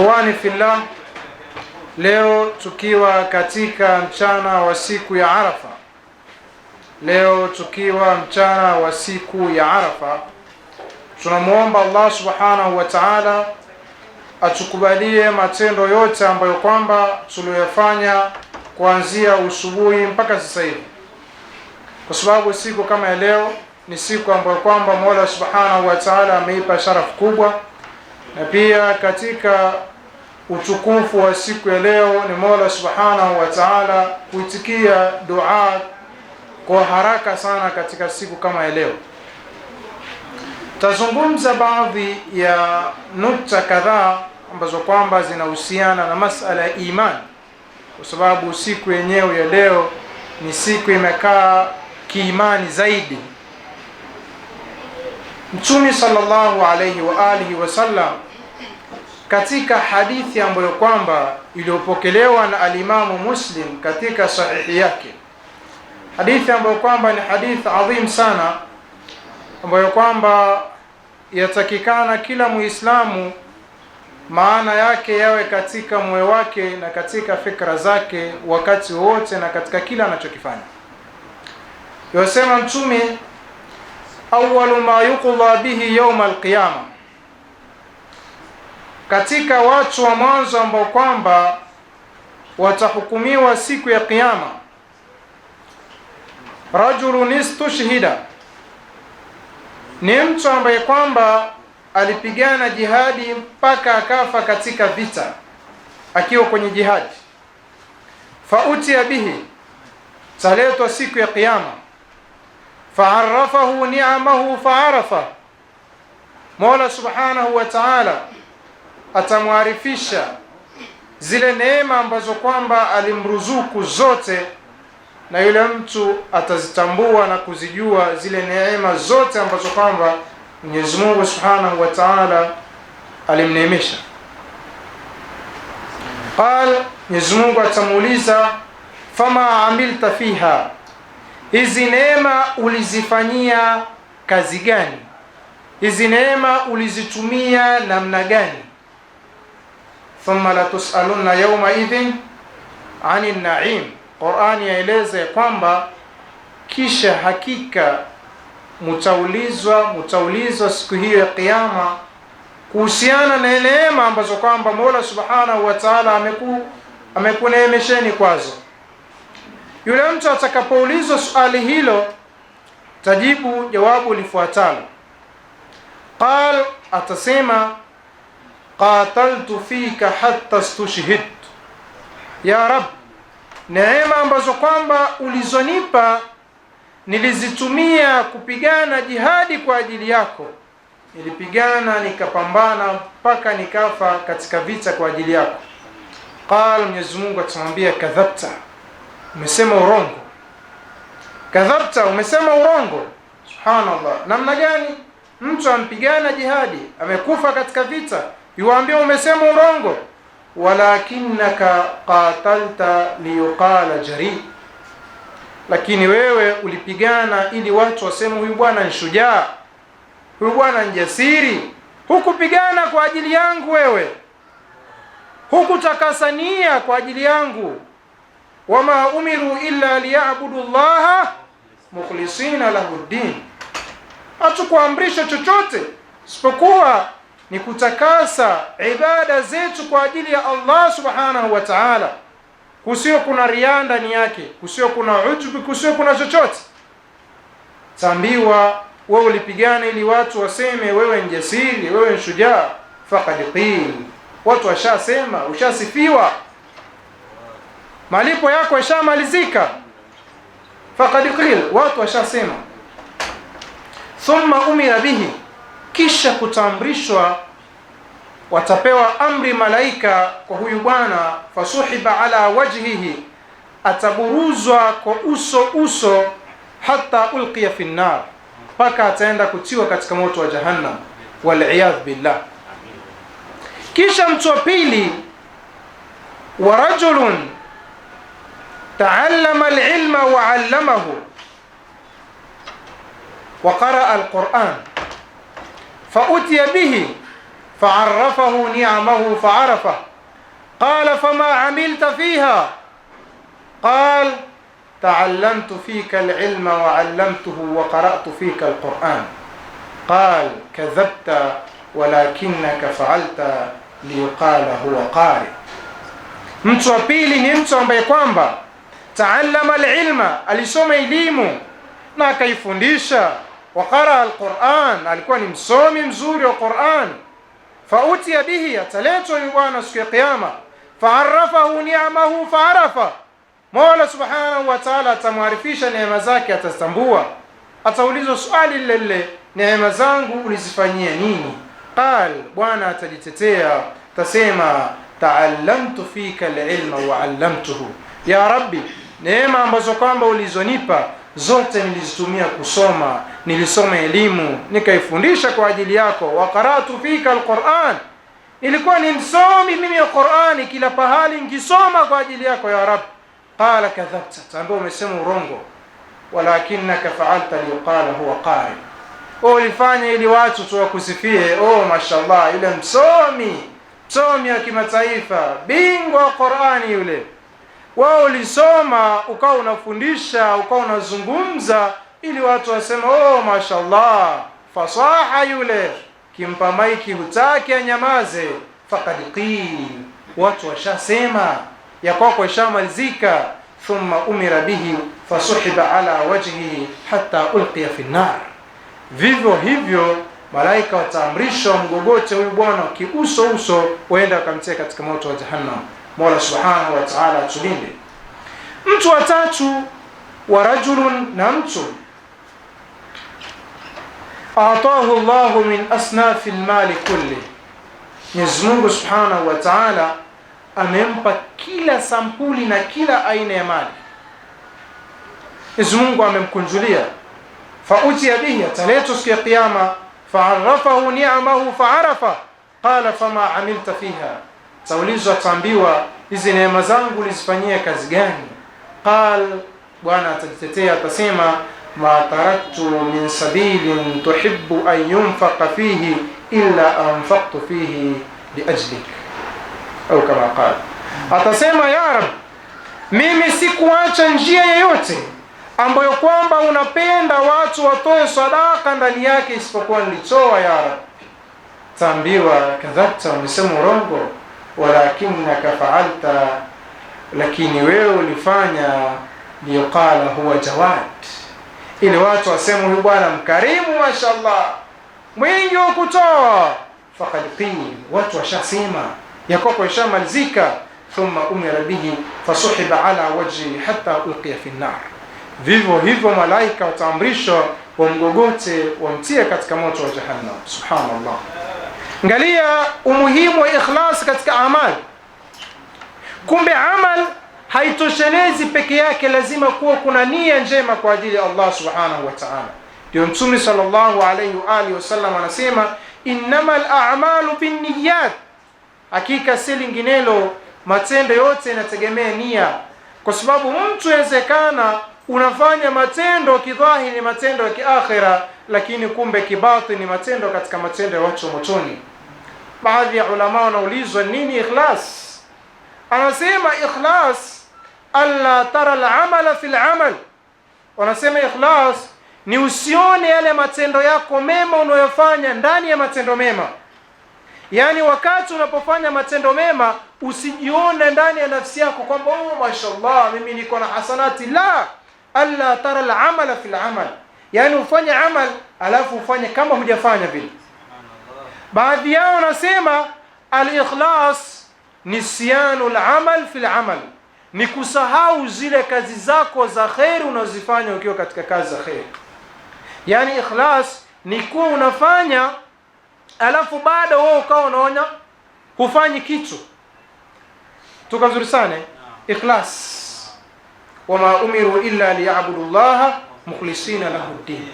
Ikhwani fillah, leo tukiwa katika mchana wa siku ya Arafa, leo tukiwa mchana wa siku ya Arafa, tunamwomba Allah subhanahu wa ta'ala atukubalie matendo yote ambayo kwamba tuliyofanya kuanzia usubuhi mpaka sasa hivi, kwa sababu siku kama ya leo ni siku ambayo kwamba Mola subhanahu wa ta'ala ameipa sharafu kubwa na pia katika utukufu wa siku ya leo ni Mola Subhanahu wa Ta'ala kuitikia dua kwa haraka sana katika siku kama ya leo. Tazungumza baadhi ya nukta kadhaa ambazo kwamba zinahusiana na masala ya imani, kwa sababu siku yenyewe ya leo ni siku imekaa kiimani zaidi. Mtume sallallahu alayhi wa alihi wasallam katika hadithi ambayo kwamba iliyopokelewa na alimamu Muslim katika sahihi yake, hadithi ambayo kwamba ni hadithi adhim sana, ambayo kwamba yatakikana kila Muislamu maana yake yawe katika moyo wake na katika fikra zake wakati wote na katika kila anachokifanya. Yosema Mtume, awalu ma yuqda bihi yawm alqiyama katika watu wa mwanzo ambao kwamba watahukumiwa siku ya Kiyama, rajulun istushhida, ni mtu ambaye kwamba alipigana jihadi mpaka akafa katika vita, akiwa kwenye jihadi. Fautiya bihi, taletwa siku ya Kiyama. Faarafahu ni'amahu faarafa, Mola subhanahu wa ta'ala atamwarifisha zile neema ambazo kwamba alimruzuku zote, na yule mtu atazitambua na kuzijua zile neema zote ambazo kwamba Mwenyezi Mungu Subhanahu wa Ta'ala alimneemesha. Qal, Mwenyezi Mungu atamuuliza fama amilta fiha, hizi neema ulizifanyia kazi gani? Hizi neema ulizitumia namna gani? thumma latusaluna yauma idhin ani naim. Qur'ani yaeleza kwamba kisha hakika mutaulizwa mutaulizwa siku hiyo ya Kiyama kuhusiana na neema ambazo kwamba Mola Subhanahu wa Ta'ala ameku amekuneemesheni kwazo. Yule mtu atakapoulizwa swali hilo tajibu jawabu lifuatalo, qal, atasema qataltu fika hatta stushhidtu, ya Rab, neema ambazo kwamba ulizonipa nilizitumia kupigana jihadi kwa ajili yako. Nilipigana nikapambana mpaka nikafa katika vita kwa ajili yako. Qala, Mwenyezi Mungu atamwambia kadhabta, umesema urongo. Kadhabta, umesema urongo. Subhanallah, namna gani mtu ampigana jihadi, amekufa katika vita yuwaambia umesema urongo, walakinaka qatalta liyuqala jari, lakini wewe ulipigana ili watu waseme huyu bwana ni shujaa, huyu bwana ni jasiri. Hukupigana kwa ajili yangu wewe, hukutakasania kwa ajili yangu. wama umiru illa liyabudu llaha mukhlisina lahu ddin, hatukuamrisha chochote isipokuwa ni kutakasa ibada zetu kwa ajili ya Allah subhanahu wa ta'ala, kusio kuna riaa ndani yake, kusio kuna ujubi, kusio kuna chochote. tambiwa wewe ulipigana ili watu waseme wewe ni jasiri, wewe ni shujaa. Faqad qil, watu washasema, ushasifiwa, malipo yako yashamalizika. Faqad qil, watu washasema. Thumma umira bihi kisha kutamrishwa watapewa amri malaika kwa huyu bwana, fasuhiba ala wajhihi, ataburuzwa kwa uso uso, hata ulqiya fi nnar, mpaka ataenda kutiwa katika moto wa Jahannam, waliyadh billah. Kisha mtu wa pili, wa rajulun taallama alilma wa allamahu wa qaraa alquran فأتي به فعرفه نعمه فعرفه قال فما عملت فيها قال تعلمت فيك العلم وعلمته وقرأت فيك القرآن قال كذبت ولكنك فعلت ليقال هو قارئ Mtu wa pili ni mtu ambaye kwamba taallama alilma, alisoma elimu na akaifundisha waqaraa alquran, alikuwa ni msomi mzuri wa Quran. Fautiya bihi, ataletwa huyu bwana siku ya Kiyama. Faarafahu ni'amahu faarafa, Mola subhanahu wa taala atamwarifisha neema zake, atazitambua. Ataulizwa swali lile lile, neema zangu ulizifanyia nini? Qal, bwana atajitetea, tasema taallamtu fika alilma wa allamtuhu, ya Rabbi, neema ambazo kwamba ulizonipa zote nilizitumia kusoma, nilisoma elimu nikaifundisha kwa ajili yako. wa qara'tu fika alquran, ilikuwa ni msomi mimi wa Qur'ani, kila pahali nikisoma kwa ajili yako ya rab Qala kadhabta, tambo umesema urongo. Walakinaka fa'alta liqala huwa qari, o ulifanya ili watu tu wakusifie, O mashallah, yule msomi msomi wa kimataifa, bingwa wa Qur'ani yule wao ulisoma ukawa unafundisha ukawa unazungumza, ili watu waseme oh, mashallah, fasaha yule. Kimpa maiki hutaki anyamaze, faqad qil, watu washasema ya kwako ishamalizika. Thumma umira bihi fasuhiba ala wajhihi hatta ulqiya fi nar. Vivyo hivyo malaika wataamrishwa mgogote huyu bwana kiuso uso, waenda wakamtia katika moto wa jahannam. Mola subhanahu wa taala atulinde. Mtu wa tatu wa rajulun, na mtu atahu Allahu min asnafi lmali kulli, Mwenyezi Mungu subhanahu wa taala amempa kila sampuli na kila aina ya mali. Mwenyezi Mungu amemkunjulia, fautiya bihi, ataletwa siku ya Kiyama, faarafahu ni'amahu faarafa qala fama amilta fiha Saulizwa ataambiwa, hizi neema zangu ulizifanyia kazi gani? Qal, Bwana atajitetea atasema, ma taraktu min sabilin tuhibbu an yunfaqa fihi illa anfaqtu fihi liajlik, au kama qal, atasema ya Rab, mimi sikuacha njia yoyote ambayo kwamba unapenda watu watoe sadaka ndani yake isipokuwa nilitoa. Ya Rab, taambiwa kadhabta, umesema urongo walakinaka faalta, lakini wewe ulifanya liyuqala huwa jawad, ili watu waseme huyu bwana mkarimu, mashallah, mwingi wa kutoa. Fakad qil, watu washasema yakoko ishamalizika. Thumma umira bihi fasuhiba ala wajhihi hata ulqiya fi nnar, vivyo hivyo malaika wataamrishwa wamgogote, wamtie katika moto wa jahannam. Subhanallah ngalia umuhimu wa ikhlas katika amal Kumbe amal haitoshelezi peke yake, lazima kuwa kuna nia njema kwa ajili ya Allah subhanahu wa ta'ala. Ndio Mtume sallallahu alayhi wa alihi wasallam anasema innamal a'malu binniyat, hakika si linginelo, matendo yote yanategemea nia, kwa sababu mtu awezekana unafanya matendo kidhahiri, matendo ya kiakhira, lakini kumbe ni matendo katika matendo ya watu wa motoni baadhi ya ulama wanaulizwa nini ikhlas? Anasema ikhlas alla tara al-amala fi al-amal, wanasema ikhlas ni usione yale matendo yako mema unayofanya ndani ya matendo mema. Yaani, wakati unapofanya matendo mema usijione ndani ya nafsi yako kwamba oh, mashallah mimi niko na hasanati. La, alla tara al fi al-amal, yaani ufanye amal alafu ufanye kama hujafanya vile Baadhi yao wanasema al-ikhlas siyanu al-amal fi al-amal, ni kusahau zile kazi zako za kheri unazifanya ukiwa katika kazi za kheri. Yaani ikhlas ni kuwa unafanya alafu bado wewe ukawa unaona hufanyi kitu. Tuka sana eh? ikhlas. Wama umiru illa liyabudu llaha mukhlisina lahu ddin.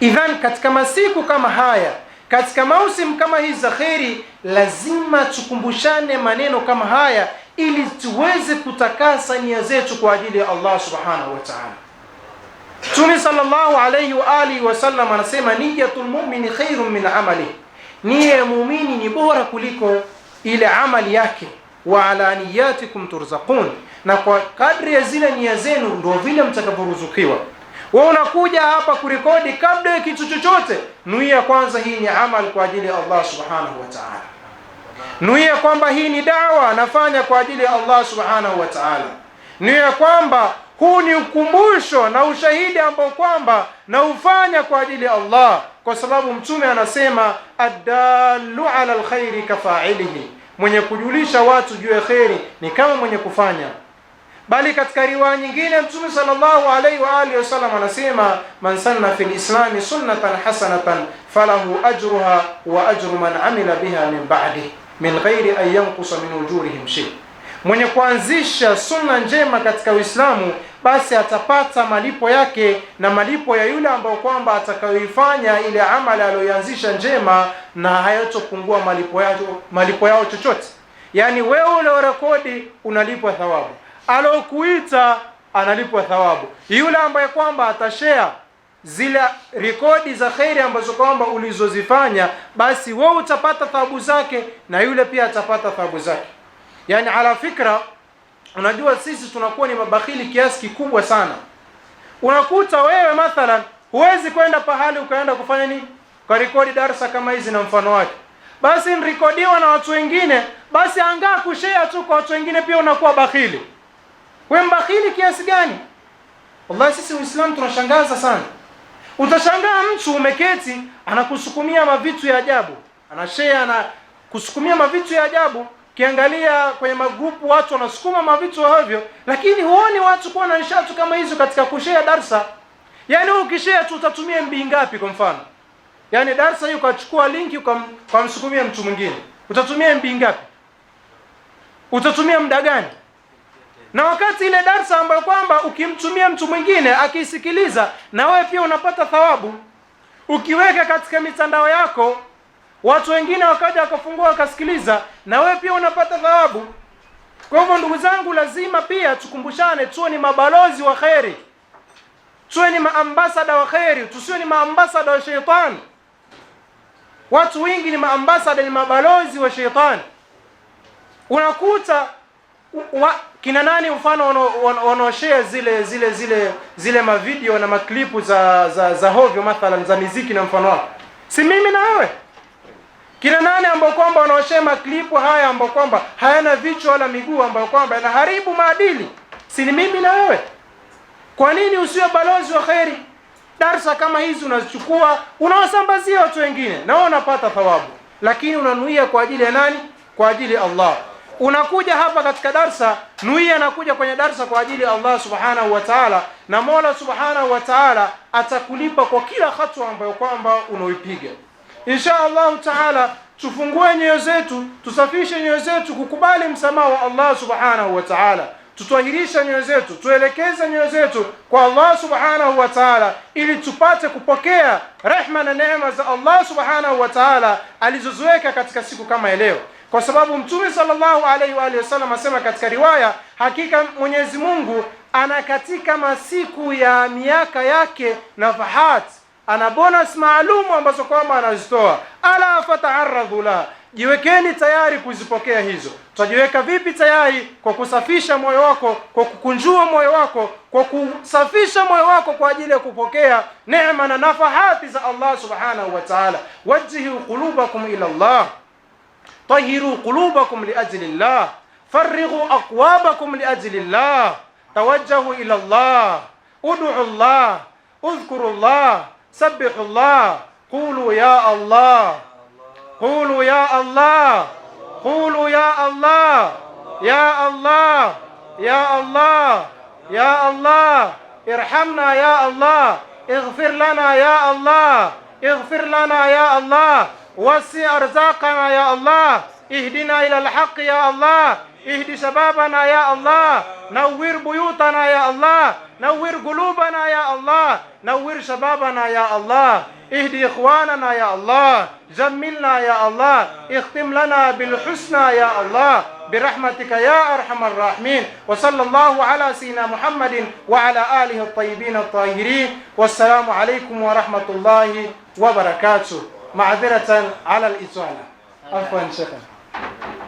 Idhan, katika masiku kama haya katika mausim kama hizi za kheri, lazima tukumbushane maneno kama haya ili tuweze kutakasa nia zetu kwa ajili ya Allah subhanahu wa ta'ala. Mtume sallallahu alayhi wa alihi wasallam anasema, niyatul mu'mini khairun min amali, nia ya muumini ni bora kuliko ile amali yake. Wa ala niyatikum turzaqun, na kwa kadri ya zile nia zenu ndio vile mtakavyoruzukiwa. Wewe unakuja hapa kurekodi, kabla ya kitu chochote, nuia kwanza, hii ni amal kwa ajili ya Allah subhanahu wa ta'ala. Nuia kwamba hii ni dawa nafanya kwa ajili ya Allah subhanahu wa ta'ala. Nuia kwamba huu ni ukumbusho na ushahidi ambao kwamba naufanya kwa ajili ya Allah, kwa sababu Mtume anasema addalu ala alkhairi kafailihi, mwenye kujulisha watu juu ya kheri ni kama mwenye kufanya Bali katika riwaya nyingine Mtume sallallahu alaihi wa alihi wasallam anasema, man sanna fil islami sunnatan hasanatan falahu ajruha wa ajru man amila biha min ba'di min ghairi an yanqusa min ujurihim shay, mwenye kuanzisha sunna njema katika Uislamu basi atapata malipo yake na malipo ya yule ambayo kwamba atakayoifanya ile amali aliyoanzisha njema, na hayatopungua malipo yao malipo yao chochote. Yaani wewe ule rekodi unalipwa thawabu alokuita analipwa thawabu. Yule ambaye kwamba atashea zile rekodi za kheri ambazo kwamba ulizozifanya, basi wewe utapata thawabu zake na yule pia atapata thawabu zake. Yani ala fikra, unajua sisi tunakuwa ni mabakhili kiasi kikubwa sana. Unakuta wewe mathalan huwezi kwenda pahali ukaenda kufanya nini, ukarekodi darsa kama hizi na mfano wake, basi nrekodiwa na watu wengine, basi angaa kushea tu kwa watu wengine, pia unakuwa bakhili. We mbakhili kiasi gani? Wallahi sisi Uislamu tunashangaza sana. Utashangaa mtu umeketi anakusukumia mavitu ya ajabu, anashare na kusukumia mavitu ya ajabu. Kiangalia kwenye magrupu watu wanasukuma mavitu hivyo, lakini huoni watu kuwa na nishatu kama hizo katika kushare darsa. Yaani wewe ukishare tu utatumia MB ngapi kwa mfano? Yaani darsa hiyo ukachukua linki ukamsukumia mtu mwingine, utatumia MB ngapi? Utatumia muda gani? na wakati ile darsa ambayo kwamba ukimtumia mtu mwingine akiisikiliza, na wewe pia unapata thawabu. Ukiweka katika mitandao yako, watu wengine wakaja wakafungua wakasikiliza, na wewe pia unapata thawabu. Kwa hivyo, ndugu zangu, lazima pia tukumbushane, tuwe ni mabalozi wa kheri, tuwe ni maambasada wa kheri, tusiwe ni maambasada wa sheitani. Watu wengi ni maambasada, ni mabalozi wa sheitani. Unakuta wa, kina nani mfano wanaoshare zile zile zile zile mavideo na maklipu za za za hovyo mathalan za miziki na mfano wako, si mimi na wewe? Kina nani ambao kwamba wanaoshare maklipu haya ambao kwamba hayana vichwa wala miguu, ambao kwamba yanaharibu maadili, si ni mimi na wewe? Kwa nini usiwe balozi wa kheri? Darsa kama hizi unazichukua, unawasambazia watu wengine, na wao unapata thawabu, lakini unanuia kwa ajili ya nani? Kwa ajili ya Allah. Unakuja hapa katika darsa, nui anakuja kwenye darsa kwa ajili ya Allah subhanahu wa taala, na Mola subhanahu wa taala atakulipa kwa kila hatua ambayo kwamba unaoipiga insha Allahu taala. Tufungue nyoyo zetu, tusafishe nyoyo zetu kukubali msamaha wa Allah subhanahu wa taala, tutwahirisha nyoyo zetu, tuelekeze nyoyo zetu kwa Allah subhanahu wa taala, ili tupate kupokea rehma na neema za Allah subhanahu wa taala alizoziweka katika siku kama leo kwa sababu Mtume sallallahu alaihi wa alihi wasallam asema katika riwaya, hakika Mwenyezi Mungu ana katika masiku ya miaka yake nafahat, ana bonus maalumu ambazo kwamba anazitoa. Ala fataaradhu la, jiwekeni tayari kuzipokea hizo. Tutajiweka vipi tayari? Kwa kusafisha moyo wako, kwa kukunjua moyo wako, kwa kusafisha moyo wako kwa ajili ya kupokea neema na nafahati za Allah subhanahu wa ta'ala. Wajjihu qulubakum ila Allah طهروا قلوبكم لأجل الله فرغوا أقوابكم لأجل الله توجهوا إلى الله ادعوا الله اذكروا الله سبحوا الله قولوا يا الله قولوا يا الله قولوا يا الله يا الله يا الله يا الله ارحمنا يا الله اغفر لنا يا الله اغفر لنا يا الله وسع أرزاقنا يا الله اهدنا إلى الحق يا الله اهد شبابنا يا الله نور بيوتنا يا الله نور قلوبنا يا الله نور شبابنا يا الله اهدي إخواننا يا الله جملنا يا الله اختم لنا بالحسنى يا الله برحمتك يا أرحم الراحمين وصلى الله على سيدنا محمد وعلى آله الطيبين الطاهرين والسلام عليكم ورحمة الله وبركاته معذرة على الإطالة عفوا شيخنا